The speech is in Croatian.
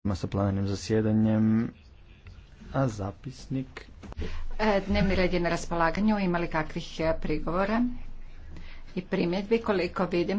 sa zasjedanjem, a zapisnik... E, dnevni red je na raspolaganju, imali kakvih e, prigovora i primjedbi koliko vidim.